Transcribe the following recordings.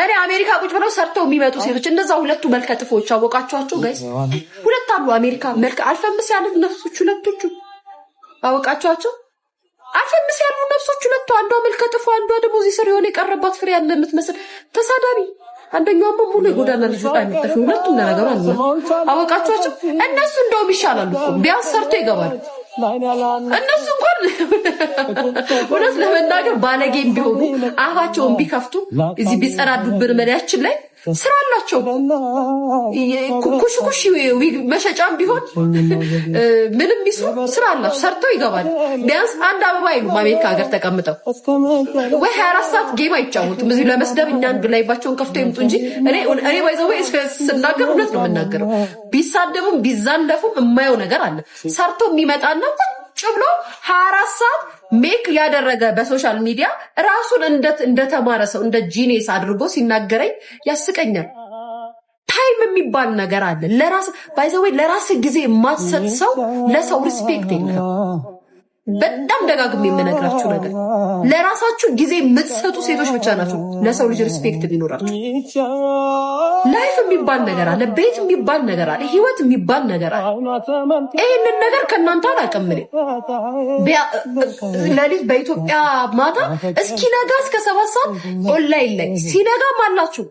እኔ አሜሪካ ቁጭ ብለው ሰርተው የሚመጡ ሴቶች እንደዛ ሁለቱ መልከ ጥፎች አወቃችኋቸው? ጋይስ ሁለት አሉ አሜሪካ መልከ አልፈምስ ያሉት ነፍሶች ሁለቶቹ አወቃችኋቸው? አልፈምስ ያሉ ነፍሶች ሁለቱ፣ አንዷ መልከ ጥፎ፣ አንዷ ደግሞ እዚህ ስር የሆነ የቀረባት ፍሬ ያለ የምትመስል ተሳዳቢ አንደኛው ሙሉ የጎዳና ልጅ ወጣ የሚጠፍ ሁለቱ ለነገሩ አለ አወቃችኋቸው። እነሱ እንደውም ይሻላሉ፣ ቢያንስ ሰርቶ ይገባሉ። እነሱ እውነት ለመናገር ባለጌም ቢሆኑ አፋቸውን ቢከፍቱ እዚህ ቢጸዳዱብን መሪያችን ላይ ስራ አላቸው። ኩሽኩሽ መሸጫም ቢሆን ምንም ይሱ ስራ አላቸው፣ ሰርተው ይገባል። ቢያንስ አንድ አበባ አይሉም። አሜሪካ ሀገር ተቀምጠው ወይ ሀያ አራት ሰዓት ጌም አይጫወቱም። እዚህ ለመስደብ እኛን ላይባቸውን ከፍተው ይምጡ እንጂ እኔ ባይዘወ ስናገር እውነት ነው የምናገረው። ቢሳደቡም ቢዛለፉም የማየው ነገር አለ ሰርቶ የሚመጣና ቁጭ ብሎ ሀያ አራት ሰዓት ሜክ ያደረገ በሶሻል ሚዲያ ራሱን እንደተማረ ሰው እንደ ጂኔስ አድርጎ ሲናገረኝ ያስቀኛል። ታይም የሚባል ነገር አለ። ለራስ ባይዘወይ ለራስ ጊዜ የማትሰጥ ሰው ለሰው ሪስፔክት የለም። በጣም ደጋግም የምነግራችሁ ነገር ለራሳችሁ ጊዜ የምትሰጡ ሴቶች ብቻ ናቸው ለሰው ልጅ ሪስፔክት ቢኖራችሁ። ላይፍ የሚባል ነገር አለ፣ ቤት የሚባል ነገር አለ፣ ህይወት የሚባል ነገር አለ። ይህንን ነገር ከእናንተ አላውቅም። ሌሊት በኢትዮጵያ ማታ እስኪነጋ እስከ ሰባት ሰዓት ኦንላይን ላይ ሲነጋም አላችሁ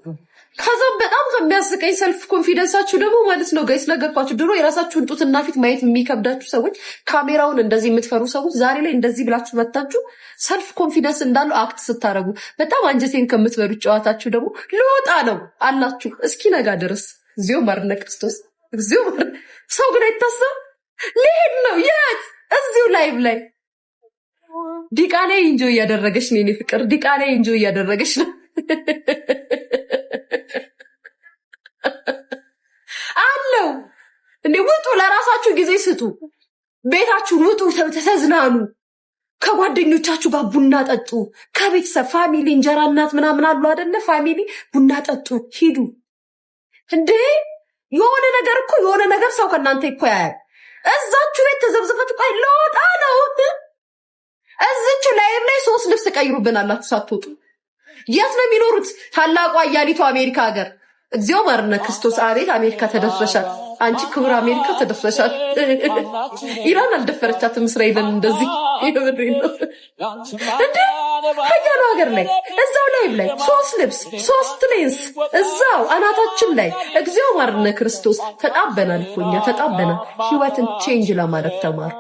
ከዛ በጣም ከሚያስቀኝ ሰልፍ ኮንፊደንሳችሁ ደግሞ ማለት ነው ጋይስ ነገርኳችሁ። ድሮ የራሳችሁን ጡትና ፊት ማየት የሚከብዳችሁ ሰዎች፣ ካሜራውን እንደዚህ የምትፈሩ ሰዎች ዛሬ ላይ እንደዚህ ብላችሁ መታችሁ ሰልፍ ኮንፊደንስ እንዳለው አክት ስታደረጉ በጣም አንጀቴን ከምትበሉት ጨዋታችሁ ደግሞ ልወጣ ነው አላችሁ እስኪ ነጋ ድረስ እዚሁ ማርነ ክርስቶስ እዚሁ ሰው ግን አይታሰብ ሊሄድ ነው የት እዚሁ ላይቭ ላይ ዲቃላይ እንጆ እያደረገች ነው የኔ ፍቅር ዲቃላይ እንጆ እያደረገች ነው። አለው እንዴ! ውጡ፣ ለራሳችሁ ጊዜ ስጡ፣ ቤታችሁን ውጡ፣ ተዝናኑ፣ ከጓደኞቻችሁ ጋር ቡና ጠጡ፣ ከቤተሰብ ፋሚሊ፣ እንጀራ እናት ምናምን አሉ አደለ? ፋሚሊ ቡና ጠጡ፣ ሂዱ። እንዴ የሆነ ነገር እኮ የሆነ ነገር ሰው ከእናንተ እኮ ያያል። እዛችሁ ቤት ተዘብዝበት ቆይ ለወጣ ነው። እዝች ላይም ላይ ሶስት ልብስ ቀይሩብናላችሁ ሳትወጡ። የት ነው የሚኖሩት? ታላቁ አያሊቱ አሜሪካ ሀገር እዚያው ማርነ ክርስቶስ አሬት አሜሪካ ተደፍረሻል። አንቺ ክቡር አሜሪካ ተደፍረሻል። ኢራን አልደፈረቻትም እስራኤልን እንደዚህ የምሬ ነው እንደ ሀያሉ ሀገር ላይ እዛው ላይ ላይ ሶስት ልብስ ሶስት ሌንስ እዛው አናታችን ላይ እግዚኦ ማርነ ክርስቶስ ተጣበናል። እኮ ተጣበናል። ህይወትን ቼንጅ ለማድረግ ተማሩ።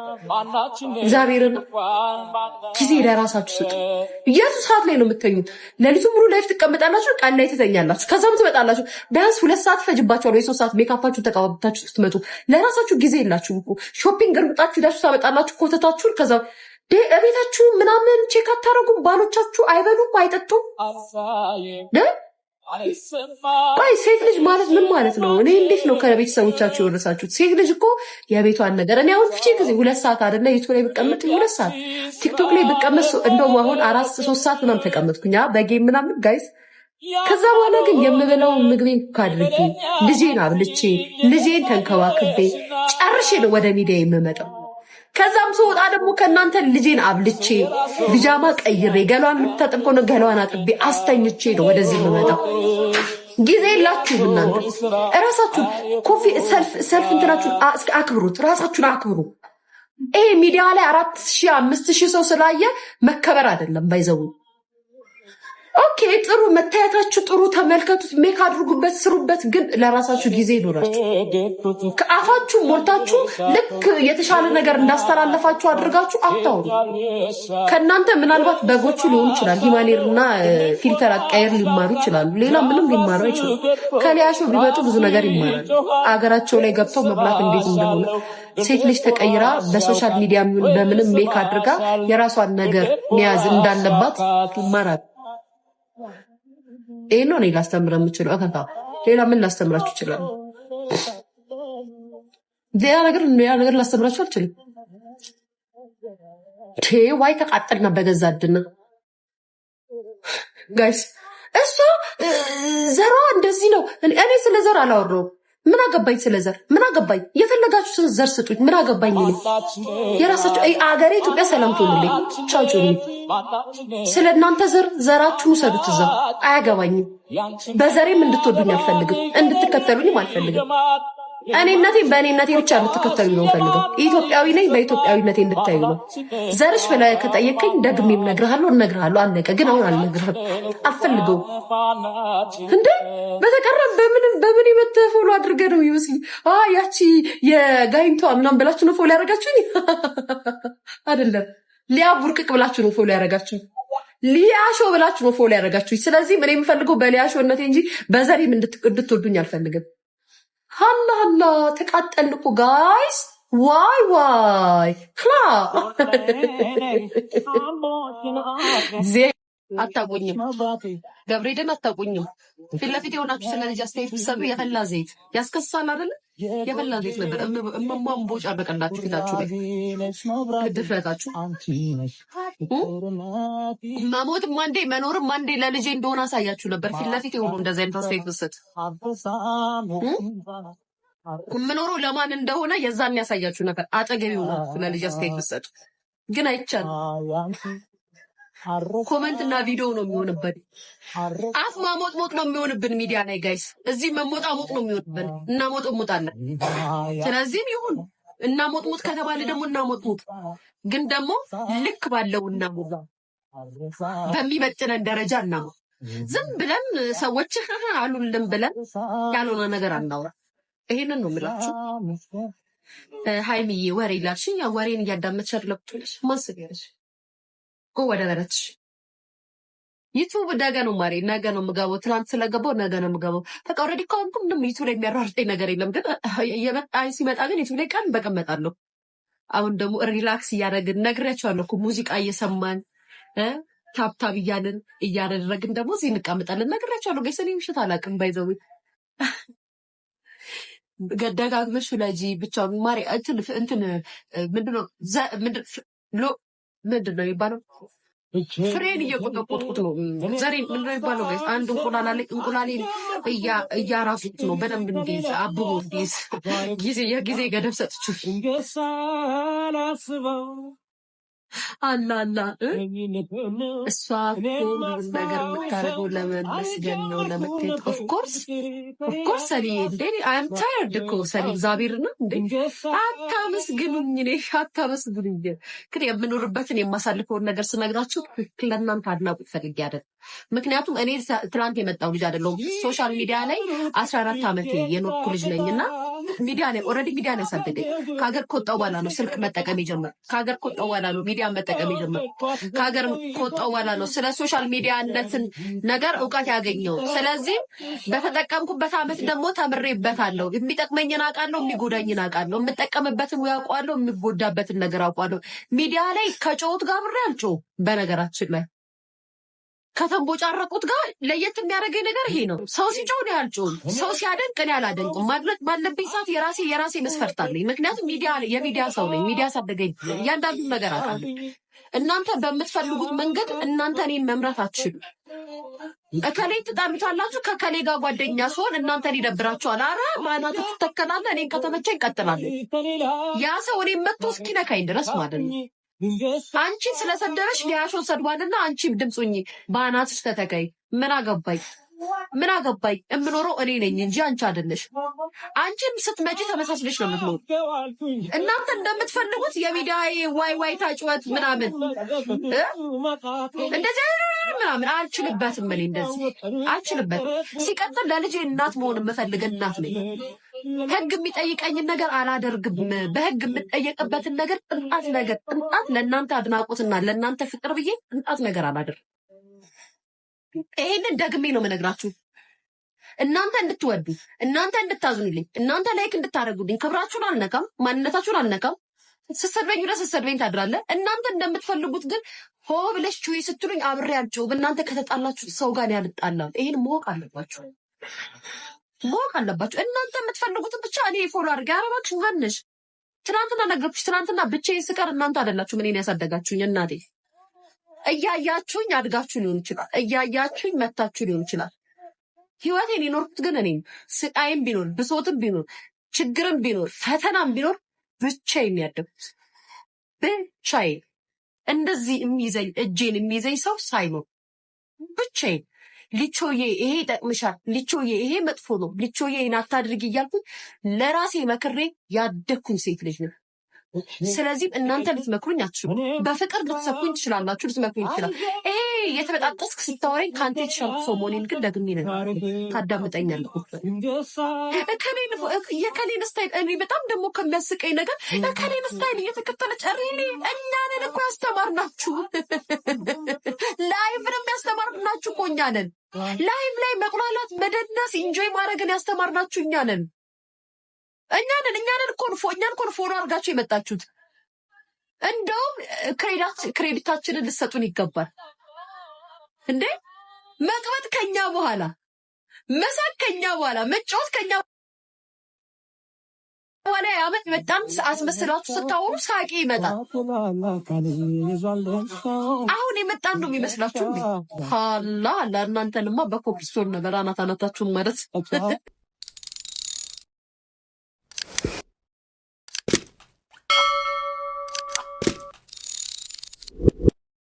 እግዚአብሔርን ጊዜ ለራሳችሁ ስጡ። እያሱ ሰዓት ላይ ነው የምትተኙት? ለሊቱ ሙሉ ላይፍ ትቀመጣላችሁ፣ ቀን ላይ ትተኛላችሁ፣ ከዛም ትመጣላችሁ። ቢያንስ ሁለት ሰዓት ወይ ሶስት ሰዓት ሜካፓችሁን ተቀባብታችሁ ስትመጡ ለራሳችሁ ጊዜ የላችሁ እኮ። ሾፒንግ እርምጣችሁ ሄዳችሁ ታመጣላችሁ ኮተታችሁን፣ ከዛ እቤታችሁ ምናምን ቼክ አታደርጉም። ባሎቻችሁ አይበሉም አይጠጡም። ይ ሴት ልጅ ማለት ምን ማለት ነው? እኔ እንዴት ነው ከቤተሰቦቻችሁ የወረሳችሁት? ሴት ልጅ እኮ የቤቷን ነገር እኔ አሁን ፍቼ ጊዜ ሁለት ሰዓት አደለ ዩቱ ላይ ብቀመጥ ሁለት ሰዓት ቲክቶክ ላይ ብቀመጥ እንደውም አሁን አራት ሶስት ሰዓት ምናምን ተቀመጥኩኛ በጌም ምናምን ጋይስ ከዛ በኋላ ግን የምበላው ምግቤን ካድርጌ ልጄን አብልቼ ልጄን ተንከባክቤ ጨርሼ ነው ወደ ሚዲያ የምመጣው። ከዛም ስወጣ ደግሞ ከእናንተ ልጄን አብልቼ ቢጃማ ቀይሬ ገሏን የምታጥብ ከሆነ ገሏን አጥቤ አስተኝቼ ነው ወደዚህ የምመጣው። ጊዜ የላችሁም እናንተ እራሳችሁን ኮፊ ሰልፍ ሰልፍ እንትናችሁን አክብሩት፣ ራሳችሁን አክብሩ። ይሄ ሚዲያ ላይ አራት ሺህ አምስት ሺህ ሰው ስላየ መከበር አይደለም ባይዘው ኦኬ ጥሩ መታየታችሁ ጥሩ፣ ተመልከቱት፣ ሜክ አድርጉበት፣ ስሩበት። ግን ለራሳችሁ ጊዜ ይኖራችሁ። ከአፋችሁ ሞልታችሁ ልክ የተሻለ ነገር እንዳስተላለፋችሁ አድርጋችሁ አታውሩ። ከእናንተ ምናልባት በጎቹ ሊሆኑ ይችላል፣ ሂማኔር እና ፊልተር አቃየር ሊማሩ ይችላሉ። ሌላ ምንም ሊማሩ ይችላሉ። ከሊያሾ ቢመጡ ብዙ ነገር ይማራል። አገራቸው ላይ ገብተው መብላት እንዴት እንደሆነ ሴት ልጅ ተቀይራ በሶሻል ሚዲያ በምንም ሜክ አድርጋ የራሷን ነገር መያዝ እንዳለባት ይማራል። ይህ ነው እኔ ላስተምረ የምችለው። እከታ ሌላ ምን ላስተምራችሁ ይችላል? ሌላ ነገር ሌላ ነገር ላስተምራችሁ አልችልም። ቴ ዋይ ተቃጠልና በገዛ እድና ጋይስ እሷ ዘሯ እንደዚህ ነው። እኔ ስለ ዘር አላወራሁም። ምን አገባኝ ስለ ዘር ምን አገባኝ የፈለጋችሁ ዘር ስጡኝ ምን አገባኝ የራሳችሁ አገሬ ኢትዮጵያ ሰላም ትሆኑልኝ ቻው ስለ እናንተ ዘር ዘራችሁን ውሰዱት እዛ አያገባኝም በዘሬም እንድትወዱኝ አልፈልግም እንድትከተሉኝም አልፈልግም እኔነቴ በእኔነቴ ብቻ እንድትከተሉ ነው ፈልገው። ኢትዮጵያዊ ነኝ፣ በኢትዮጵያዊነቴ እንድታዩ ነው። ዘርሽ ብለህ ከጠየቀኝ ደግሜም እነግርሃለሁ፣ እነግርሃለሁ። አለቀ። ግን አሁን አልነግርህም፣ አልፈልገውም። እንደ በተቀረ በምንም በምን የመተህ ፎሎ አድርገ ነው ይመስል ያቺ የጋይንቷ ምናምን ብላችሁ ነው ፎሎ ያደረጋችሁኝ? አይደለም ሊያ ቡርቅቅ ብላችሁ ነው ፎሎ ያደረጋችሁኝ። ሊያሾ ብላችሁ ነው ፎሎ ያደረጋችሁኝ። ስለዚህ እኔ የምፈልገው በሊያሾነቴ እንጂ በዘሬም እንድትወዱኝ አልፈልግም። ሀላ ሀላ ተቃጠልኩ ጋይስ ዋይ ዋይ ክላ አታቆኝም ገብርኤልን አታቆኝም። ፊት ለፊት የሆናችሁ ስለ ልጅ አስተያየት ብትሰጡ የፈላ ዘይት ያስከሳል አይደለ? የፈላ ዘይት ነበር ቦጫ በቀላችሁ ፊታችሁ ላይ ድፍረታችሁ። መሞትም አንዴ መኖርም አንዴ ለልጄ እንደሆነ አሳያችሁ ነበር። ፊት ለፊት የሆኑ እንደዚህ አይነት አስተያየት ብትሰጥ የምኖረው ለማን እንደሆነ የዛን ያሳያችሁ ነበር። አጠገቢ ሆናችሁ ለልጅ አስተያየት ብትሰጡ ግን አይቻልም። ah, ኮመንት እና ቪዲዮ ነው የሚሆንብን። አፍ ማሞጥሞጥ ነው የሚሆንብን። ሚዲያ ላይ ጋይስ እዚህ መሞጣሞጥ ነው የሚሆንብን። እናሞጥሙጣለን። ስለዚህም ይሁን እናሞጥሙጥ ከተባለ ደግሞ እናሞጥሙጥ፣ ግን ደግሞ ልክ ባለው እናሞጥ፣ በሚመጥነን ደረጃ እናሞ ዝም ብለን ሰዎች አሉልን ብለን ያልሆነ ነገር አናውራ። ይሄንን ነው የምላችሁ። ሀይሚዬ ወሬ ላልሽኝ ወሬን እያዳመጥሽ አድለብቶለሽ ማስብ ያለሽ ወደ በረትሽ ዩቱብ ነገ ነው ማሬ፣ ነገ ነው የምገባው። ትናንት ስለገባው ነገ ነው የምገባው። በቃ ኦልሬዲ እኮ አሁን ምንም ዩቱብ ላይ የሚያራርጠኝ ነገር የለም፣ ግን የመጣኝ ሲመጣ ግን ዩቱብ ላይ ቀን በቀን እመጣለሁ። አሁን ደግሞ ሪላክስ እያደረግን ነግሬያቸዋለሁ እኮ ሙዚቃ እየሰማን ታብታብ እያልን እያደረግን ደግሞ እዚህ እንቀምጣለን። ነግሬያቸዋለሁ። ገሰኔ ምሽት አላውቅም ባይዘዊ ደጋግመሽ ለጂ ብቻ ማሪ እንትን ምንድነው ምንድን ነው የሚባለው? ፍሬን እየቆጠቆጥኩት ነው። ዘሬ ምን ነው የሚባለው? አንድ እንቁላል አለ። እንቁላሌን እያራሱት ነው በደንብ እንዲይዝ አብቦ እንዲይዝ የጊዜ ገደብ ሰጥችው አላ አላ እሷ ነገር የምታደርገው ለመመስገን ነው ለመታየት። ኦፍኮርስ ኦፍኮርስ ሰኒ እንዴ አም ታየርድ እኮ ሰኒ እግዚአብሔር ነው እንዴ አታመስግኑኝ፣ ኔ አታመስግኑኝ። ግን የምኖርበትን የማሳልፈውን ነገር ስነግራችሁ ትክክል ለእናንተ አድናቁ ፈልጌ ያደል። ምክንያቱም እኔ ትላንት የመጣው ልጅ አይደለሁም። ሶሻል ሚዲያ ላይ አስራ አራት ዓመቴ የኖርኩ ልጅ ነኝ እና ሚዲያ ኦልሬዲ ሚዲያ ነው ያሳደገኝ። ከሀገር ከወጣሁ በኋላ ነው ስልክ መጠቀም የጀመርኩት። ከሀገር ከወጣሁ በኋላ ነው ሚዲያ መጠቀም የጀመረው ከሀገር ከወጣሁ በኋላ ነው ስለ ሶሻል ሚዲያነትን ነገር እውቀት ያገኘው። ስለዚህም በተጠቀምኩበት አመት ደግሞ ተምሬበታለሁ። የሚጠቅመኝን አውቃለሁ፣ የሚጎዳኝን አውቃለሁ፣ የምጠቀምበትን ያውቋለሁ፣ የሚጎዳበትን ነገር አውቋለሁ። ሚዲያ ላይ ከጨውት ጋር ብሬ አልጮ በነገራችን ላይ ከተንቦጫረቁት ጋር ለየት የሚያደርገኝ ነገር ይሄ ነው። ሰው ሲጮህ እኔ አልጮህም፣ ሰው ሲያደንቅ እኔ አላደንቅም። ማድረግ ባለብኝ ሰዓት የራሴ የራሴ መስፈርት አለኝ። ምክንያቱም ሚዲያ የሚዲያ ሰው ነኝ። ሚዲያ ሳደገኝ እያንዳንዱ ነገር አውቃለሁ። እናንተ በምትፈልጉት መንገድ እናንተ እኔን መምራት አትችሉ። እከሌ ትጠሉታላችሁ፣ ከከሌ ጋር ጓደኛ ሲሆን እናንተን ይደብራችኋል። አረ ማናት ትተከናለ። እኔን ከተመቸኝ እቀጥላለሁ። ያ ሰው እኔ መጥቶ እስኪነካኝ ድረስ ማለት ነው። አንቺን ስለሰደበሽ ሊያሾን ሰድቧልና አንቺ ድምፁኝ በአናትሽ ተተከይ። ምን አገባኝ ምን አገባኝ? የምኖረው እኔ ነኝ እንጂ አንቺ አይደለሽ። አንቺም ስትመጪ ተመሳስለሽ ነው የምትኖር። እናንተ እንደምትፈልጉት የሚዲያ ዋይ ዋይ ታጭወት ምናምን እንደዚህ ምናምን አልችልበትም። እኔ እንደዚህ አልችልበትም። ሲቀጥል ለልጄ እናት መሆን የምፈልግ እናት ነኝ። ህግ የሚጠይቀኝን ነገር አላደርግም። በህግ የምጠየቅበትን ነገር ጥንጣት ነገር ጥንጣት ለእናንተ አድናቆትና ለእናንተ ፍቅር ብዬ ጥንጣት ነገር አላደርግም። ይሄንን ደግሜ ነው የምነግራችሁ። እናንተ እንድትወዱ፣ እናንተ እንድታዝኑልኝ፣ እናንተ ላይክ እንድታደርጉልኝ፣ ክብራችሁን አልነካም፣ ማንነታችሁን አልነካም። ስሰድበኝ ሁለት ስሰድበኝ ታድራለ። እናንተ እንደምትፈልጉት ግን ሆ ብለሽ ችይ ስትሉኝ አብሬ አልችውም። እናንተ ከተጣላችሁ ሰው ጋር ያልጣላል። ይሄን ማወቅ አለባችሁ። ማወቅ አለባችሁ። እናንተ የምትፈልጉትን ብቻ እኔ ፎሎ አድርጌ ያረባችሁ ውሃንሽ ትናንትና ነገርኩሽ። ትናንትና ብቻዬን ስቀር እናንተ አይደላችሁም እኔን ያሳደጋችሁኝ እናቴ። እያያችሁኝ አድጋችሁ ሊሆን ይችላል። እያያችሁኝ መታችሁ ሊሆን ይችላል። ህይወቴን የኖርኩት ግን እኔም ስቃይም ቢኖር ብሶትም ቢኖር ችግርም ቢኖር ፈተናም ቢኖር ብቻዬን ያደግኩት ብቻዬን እንደዚህ የሚይዘኝ እጄን የሚይዘኝ ሰው ሳይኖር ብቻዬን ልቾዬ ይሄ ይጠቅምሻል፣ ልቾዬ ይሄ መጥፎ ነው፣ ልቾዬ ይሄን አታድርግ እያልኩኝ ለራሴ መክሬ ያደግኩኝ ሴት ልጅ ነው። ስለዚህም እናንተ ልትመክሩኝ አትችሉ። በፍቅር ልትሰኩኝ ትችላላችሁ፣ ልትመክሩኝ ይችላል። ይሄ የተበጣጠስክ ስታወረኝ ከአንተ የተሻልኩ ሰው መሆኔን ግን ደግሜ ነ ታዳምጠኛለህ። የከሌን ስታይል እኔ በጣም ደግሞ ከሚያስቀኝ ነገር የከሌን ስታይል እየተከተለች እኔ እኛንን እኮ ያስተማርናችሁ ላይፍን የሚያስተማርናችሁ እኮ እኛንን ላይም ላይ መቁላላት፣ መደነስ፣ ኢንጆይ ማድረግን ያስተማርናችሁ እኛ ነን። እኛ ነን እኛ ነን ኮንፎ እኛን ኮንፎ ነው አድርጋችሁ የመጣችሁት። እንደውም ክሬዲታችንን ልሰጡን ይገባል እንዴ! መቅበጥ ከኛ በኋላ መሳቅ ከኛ በኋላ መጫወት ከኛ ሀያ በጣም አስመስላችሁ ስታወሩ ይመጣል። አሁን የመጣን ነው የሚመስላችሁ? ላ ለእናንተንማ በኮብልስቶን ነበር አናት አናታችሁን ማለት